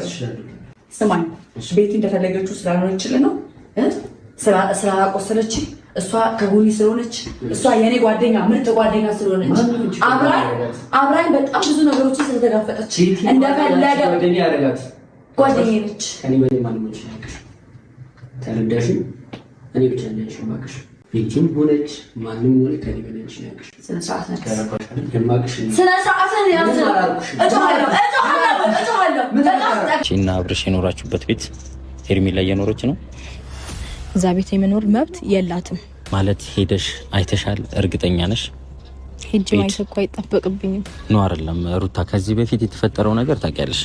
መያዝ ይችላሉ። ስማኝ ቤቲ እንደፈለገችው ስላልሆነችል ነው ስራ ቆሰለች። እሷ ከጎኒ ስለሆነች እሷ የኔ ጓደኛ ምርጥ ጓደኛ ስለሆነች አብራኝ በጣም ብዙ ነገሮችን ስለተጋፈጠች እንደፈለገ ጓደኛ ነች። እኔ ብቻ ቤቲም ሆነች ማንም ሆነ ከኔ በላይ ነሽ እና አብርሽ የኖራችሁበት ቤት ሄርሚ ላይ የኖረች ነው። እዛ ቤት የመኖር መብት የላትም ማለት ሄደሽ አይተሻል? እርግጠኛ ነሽ? ሄጅ ማየት አይጠበቅብኝም ነው አይደለም ሩታ። ከዚህ በፊት የተፈጠረው ነገር ታውቂያለሽ።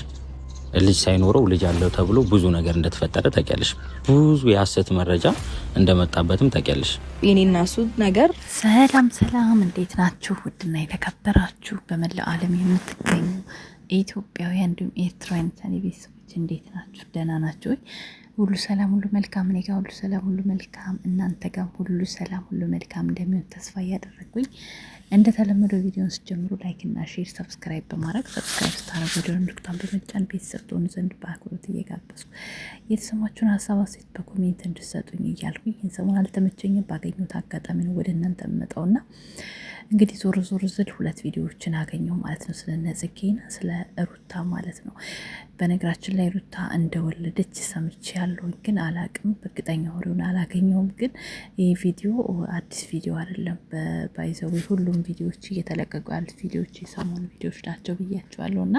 ልጅ ሳይኖረው ልጅ አለው ተብሎ ብዙ ነገር እንደተፈጠረ ታውቂያለሽ። ብዙ የሀሰት መረጃ እንደመጣበትም ታውቂያለሽ። የኔና እሱ ነገር። ሰላም ሰላም፣ እንዴት ናችሁ? ውድና የተከበራችሁ በመላው ዓለም የምትገኙ ኢትዮጵያውያን እንዲሁም ኤርትራውያን ቤተሰቦች እንዴት ናችሁ? ደህና ናችሁ? ሁሉ ሰላም ሁሉ መልካም እኔ ጋር ሁሉ ሰላም ሁሉ መልካም እናንተ ጋር ሁሉ ሰላም ሁሉ መልካም እንደሚሆን ተስፋ እያደረግኩኝ እንደተለመደው ቪዲዮን ስጀምሩ ላይክ እና ሼር ሰብስክራይብ በማድረግ ሰብስክራይብ ስታረጉ ወደ ምልክቷን በመጫን ቤተሰብ ትሆኑ ዘንድ በአክብሮት እየጋበዝኩ የተሰማችሁን ሀሳብ አስተያየት በኮሜንት እንድሰጡኝ እያልኩኝ ይህን ሰሞን አልተመቸኝም። ባገኘሁት አጋጣሚ ነው ወደ እናንተ የምመጣውና እንግዲህ ዞር ዞር ዝል ሁለት ቪዲዮዎችን አገኘው ማለት ነው፣ ስለ ነጽጌና ስለ ሩታ ማለት ነው። በነገራችን ላይ ሩታ እንደወለደች ሰምቼ ያለውን ግን አላቅም፣ በእርግጠኛ ወሬውን አላገኘውም። ግን ይህ ቪዲዮ አዲስ ቪዲዮ አይደለም። በባይዘዊ ሁሉም ቪዲዮዎች እየተለቀቁ ያሉት ቪዲዮዎች የሰሞኑ ቪዲዮዎች ናቸው ብያቸዋለሁ እና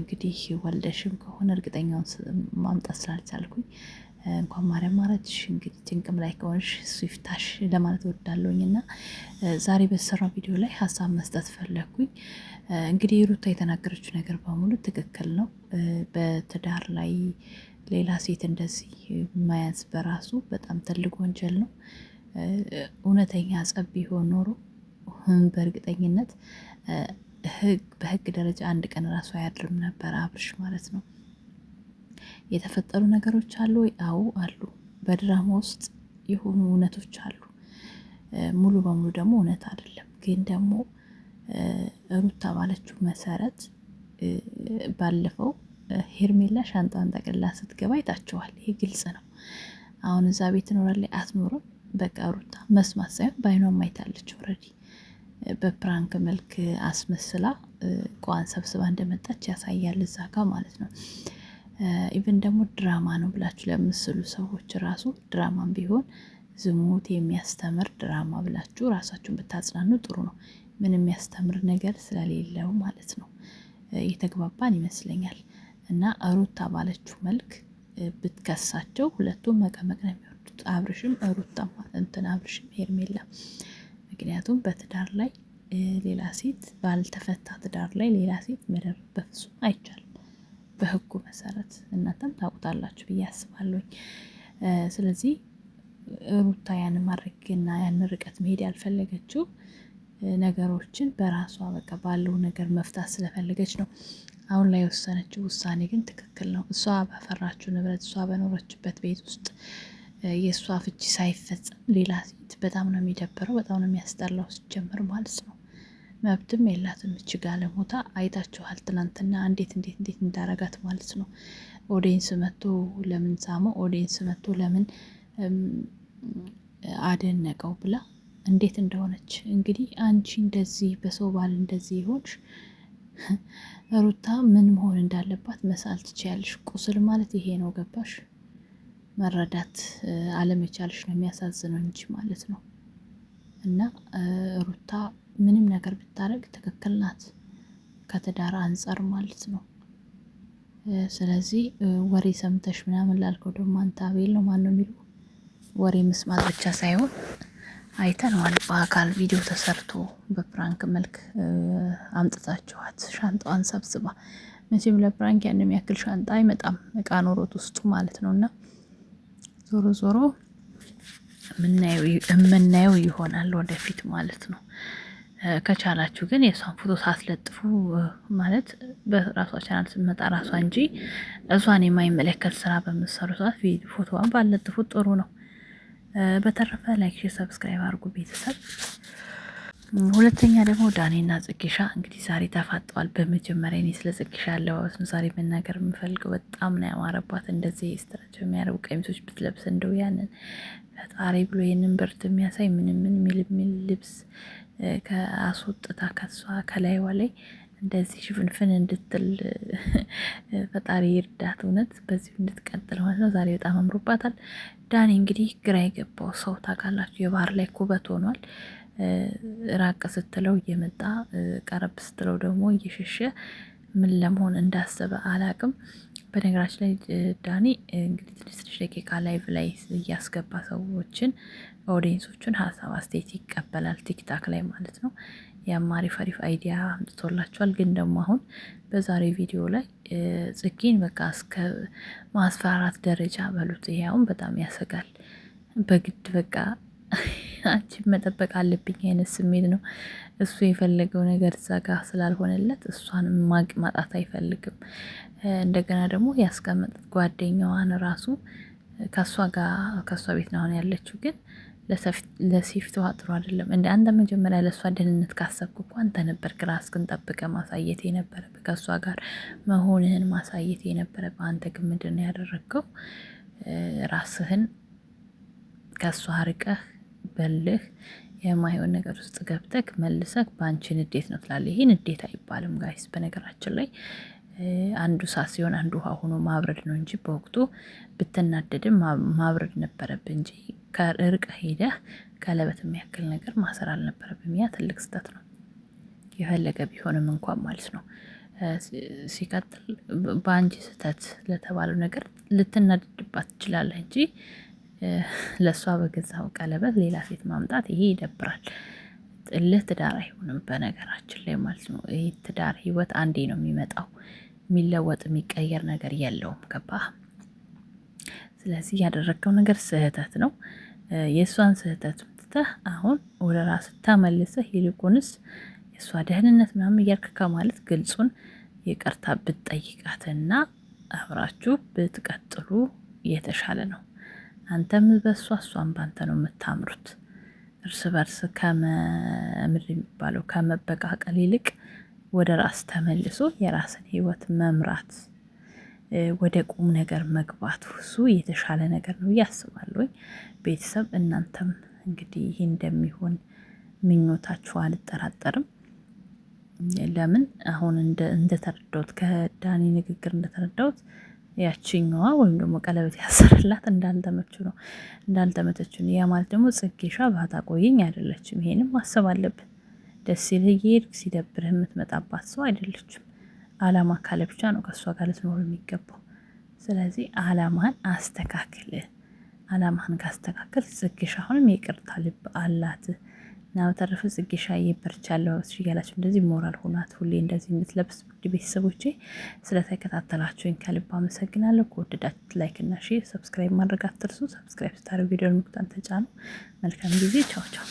እንግዲህ ወልደሽም ከሆነ እርግጠኛውን ማምጣት ስላልቻልኩኝ እንኳን ማርያም ማረችሽ። እንግዲህ ጭንቅም ላይ ከሆንሽ እሱ ይፍታሽ ለማለት ወዳለውኝ እና ዛሬ በተሰራው ቪዲዮ ላይ ሀሳብ መስጠት ፈለግኩኝ። እንግዲህ ሩታ የተናገረችው ነገር በሙሉ ትክክል ነው። በትዳር ላይ ሌላ ሴት እንደዚህ መያዝ በራሱ በጣም ትልቅ ወንጀል ነው። እውነተኛ ጸብ ቢሆን ኖሮ በእርግጠኝነት በህግ ደረጃ አንድ ቀን ራሱ አያድርም ነበር አብርሽ ማለት ነው። የተፈጠሩ ነገሮች አሉ ወይ? አዎ አሉ። በድራማ ውስጥ የሆኑ እውነቶች አሉ። ሙሉ በሙሉ ደግሞ እውነት አይደለም። ግን ደግሞ ሩታ ባለችው መሰረት ባለፈው ሄርሜላ ሻንጣን ጠቅልላ ስትገባ ይታችኋል። ይሄ ግልጽ ነው። አሁን እዛ ቤት ኖራል ላይ አትኖርም። በቃ ሩታ መስማት ሳይሆን በአይኗ ማይታለች። ኦልሬዲ በፕራንክ መልክ አስመስላ እቃዋን ሰብስባ እንደመጣች ያሳያል እዛ ጋር ማለት ነው። ኢቨን ደግሞ ድራማ ነው ብላችሁ ለምስሉ ሰዎች ራሱ ድራማም ቢሆን ዝሙት የሚያስተምር ድራማ ብላችሁ ራሳችሁን ብታጽናኑ ጥሩ ነው። ምን የሚያስተምር ነገር ስለሌለው ማለት ነው። የተግባባን ይመስለኛል። እና ሩታ ባለችው መልክ ብትከሳቸው ሁለቱም መቀመቅ ነው የሚወዱት፣ አብርሽም ሩታ እንትን አብርሽም ሄርሜላም። ምክንያቱም በትዳር ላይ ሌላ ሴት ባልተፈታ ትዳር ላይ ሌላ ሴት መደረብ በፍጹም አይቻልም። በህጉ መሰረት እናንተም ታውቁታላችሁ ብዬ አስባለሁኝ። ስለዚህ ሩታ ያንን ማድረግና ያን ርቀት መሄድ ያልፈለገችው ነገሮችን በራሷ በቃ ባለው ነገር መፍታት ስለፈለገች ነው። አሁን ላይ የወሰነችው ውሳኔ ግን ትክክል ነው። እሷ ባፈራችው ንብረት፣ እሷ በኖረችበት ቤት ውስጥ የእሷ ፍቺ ሳይፈጸም ሌላ ሴት በጣም ነው የሚደብረው፣ በጣም ነው የሚያስጠላው ሲጀምር ማለት ነው። መብትም የላትም። እችጋ ጋለሞታ አይታችኋል። ትናንትና እንዴት እንዴት እንዴት እንዳረጋት ማለት ነው። ኦዲየንስ መጥቶ ለምን ሳመው፣ ኦዲየንስ መጥቶ ለምን አደነቀው ብላ እንዴት እንደሆነች እንግዲህ አንቺ እንደዚህ በሰው ባል እንደዚህ ይሆንሽ ሩታ ምን መሆን እንዳለባት መሳል ትችያለሽ። ቁስል ማለት ይሄ ነው። ገባሽ? መረዳት አለመቻልሽ ነው የሚያሳዝነው እንጂ ማለት ነው። እና ሩታ ምንም ነገር ብታደርግ ትክክል ናት፣ ከትዳር አንጻር ማለት ነው። ስለዚህ ወሬ ሰምተሽ ምናምን ላልከው ደግሞ አንተ አቤል ነው ማን ነው የሚሉ ወሬ መስማት ብቻ ሳይሆን አይተነዋል በአካል ቪዲዮ ተሰርቶ በፕራንክ መልክ አምጥታችኋት ሻንጣዋን ሰብስባ መቼም ለፕራንክ ያን የሚያክል ሻንጣ አይመጣም፣ እቃ ኖሮት ውስጡ ማለት ነው። እና ዞሮ ዞሮ የምናየው ይሆናል ወደፊት ማለት ነው። ከቻላችሁ ግን የእሷን ፎቶ ሳትለጥፉ ማለት በራሷ ቻናል ስመጣ ራሷ እንጂ እሷን የማይመለከት ስራ በምሰሩ ሰዓት ፎቶዋን ባለጥፉ ጥሩ ነው። በተረፈ ላይክ፣ ሼር፣ ሰብስክራይብ አድርጉ ቤተሰብ። ሁለተኛ ደግሞ ዳኔና ጽጌሻ እንግዲህ ዛሬ ተፋጠዋል። በመጀመሪያ እኔ ስለ ጽጌሻ አለባበስም ዛሬ መናገር የምፈልገው በጣም ነው ያማረባት። እንደዚህ ስትራቸው የሚያደርጉ ቀሚሶች ብትለብስ እንደው ያንን ፈጣሪ ብሎ ይህንን ብርድ የሚያሳይ ምንምን ምን የሚል ልብስ ከአስወጥታ ከሷ ከላይዋ ላይ እንደዚህ ሽፍንፍን እንድትል ፈጣሪ ይርዳት። እውነት በዚሁ እንድትቀጥል ማለት ነው። ዛሬ በጣም አምሮባታል። ዳኒ እንግዲህ ግራ የገባው ሰው ታውቃላችሁ፣ የባህር ላይ ኩበት ሆኗል። ራቅ ስትለው እየመጣ ቀረብ ስትለው ደግሞ እየሸሸ ምን ለመሆን እንዳሰበ አላቅም። በነገራችን ላይ ዳኒ እንግዲህ ትንሽ ትንሽ ደቂቃ ላይቭ ላይ እያስገባ ሰዎችን ኦዲየንሶቹን ሀሳብ አስተያየት ይቀበላል፣ ቲክታክ ላይ ማለት ነው። ያም አሪፍ አሪፍ አይዲያ አምጥቶላቸዋል። ግን ደግሞ አሁን በዛሬ ቪዲዮ ላይ ጽጌን በቃ እስከ ማስፈራራት ደረጃ በሉት። ይሄ አሁን በጣም ያሰጋል። በግድ በቃ አንቺን መጠበቅ አለብኝ አይነት ስሜት ነው። እሱ የፈለገው ነገር እዛ ጋር ስላልሆነለት እሷን ማቅ ማጣት አይፈልግም። እንደገና ደግሞ ያስቀመጠት ጓደኛዋን ራሱ ከእሷ ጋር ከእሷ ቤት ነው አሁን ያለችው ግን ለሴፍቲዋ ጥሩ አይደለም። እንደ አንተ መጀመሪያ ለእሷ ደህንነት ካሰብክ እኮ አንተ ነበርክ ራስህን ጠብቀህ ማሳየት የነበረብህ ከእሷ ጋር መሆንህን ማሳየት የነበረብህ። አንተ ግን ምንድን ነው ያደረግከው? ራስህን ከእሷ ርቀህ በልህ የማይሆን ነገር ውስጥ ገብተክ መልሰክ በአንቺ ንዴት ነው ትላለ ይህ ንዴት አይባልም ጋይስ። በነገራችን ላይ አንዱ እሳት ሲሆን አንዱ ውሃ ሆኖ ማብረድ ነው እንጂ በወቅቱ ብትናደድም ማብረድ ነበረብ እንጂ ከርቀ ሄደህ ቀለበት የሚያክል ነገር ማሰር አልነበረብም። ያ ትልቅ ስህተት ነው፣ የፈለገ ቢሆንም እንኳን ማለት ነው። ሲቀጥል በአንቺ ስህተት ለተባለው ነገር ልትናደድባት ትችላለህ እንጂ ለእሷ በገዛው ቀለበት ሌላ ሴት ማምጣት ይሄ ይደብራል። ጥልህ ትዳር አይሆንም በነገራችን ላይ ማለት ነው። ይህ ትዳር ህይወት አንዴ ነው የሚመጣው፣ የሚለወጥ የሚቀየር ነገር የለውም። ገባ? ስለዚህ ያደረገው ነገር ስህተት ነው። የእሷን ስህተት ምትተህ አሁን ወደ ራስ ተመልሰህ ይልቁንስ የእሷ ደህንነት ምናምን እያልክ ከማለት ግልጹን ይቅርታ ብትጠይቃትና አብራችሁ ብትቀጥሉ የተሻለ ነው። አንተም በሷ እሷም በአንተ ነው የምታምሩት። እርስ በርስ ከምድር የሚባለው ከመበቃቀል ይልቅ ወደ ራስ ተመልሶ የራስን ህይወት መምራት ወደ ቁም ነገር መግባት እሱ የተሻለ ነገር ነው እያስባለሁ። ቤተሰብ እናንተም እንግዲህ ይህ እንደሚሆን ምኞታችሁ አልጠራጠርም። ለምን አሁን እንደተረዳሁት ከዳኒ ንግግር እንደተረዳሁት ያችኛዋ ወይም ደግሞ ቀለበት ያሰረላት እንዳልተመቹ ነው እንዳልተመተች ነው። ያ ማለት ደግሞ ጽጌሻ ባታ ቆየኝ አይደለችም። ይሄንም ማሰብ አለብን። ደስ ይልህ የሄድክ ሲደብርህ የምትመጣባት ሰው አይደለችም። አላማ ካለ ብቻ ነው ከእሷ ጋር ልትኖር የሚገባው። ስለዚህ አላማን አስተካክል። አላማህን ካስተካከል ጽጌሻ አሁንም ይቅርታ ልብ አላት። እና በተረፈ ጽጌሻዬ በርቻለሁ እያላችሁ እንደዚህ ሞራል ሆናት ሁሌ እንደዚህ የምትለብስ ውድ ቤተሰቦቼ ስለተከታተላችሁኝ ከልብ አመሰግናለሁ። ከወደዳችሁት ላይክ እና ሼር ሰብስክራይብ ማድረግ አትርሱ። ሰብስክራይብ ስታደርጉ ቪዲዮን ሙክታን ተጫኑ። መልካም ጊዜ። ቻው ቻው።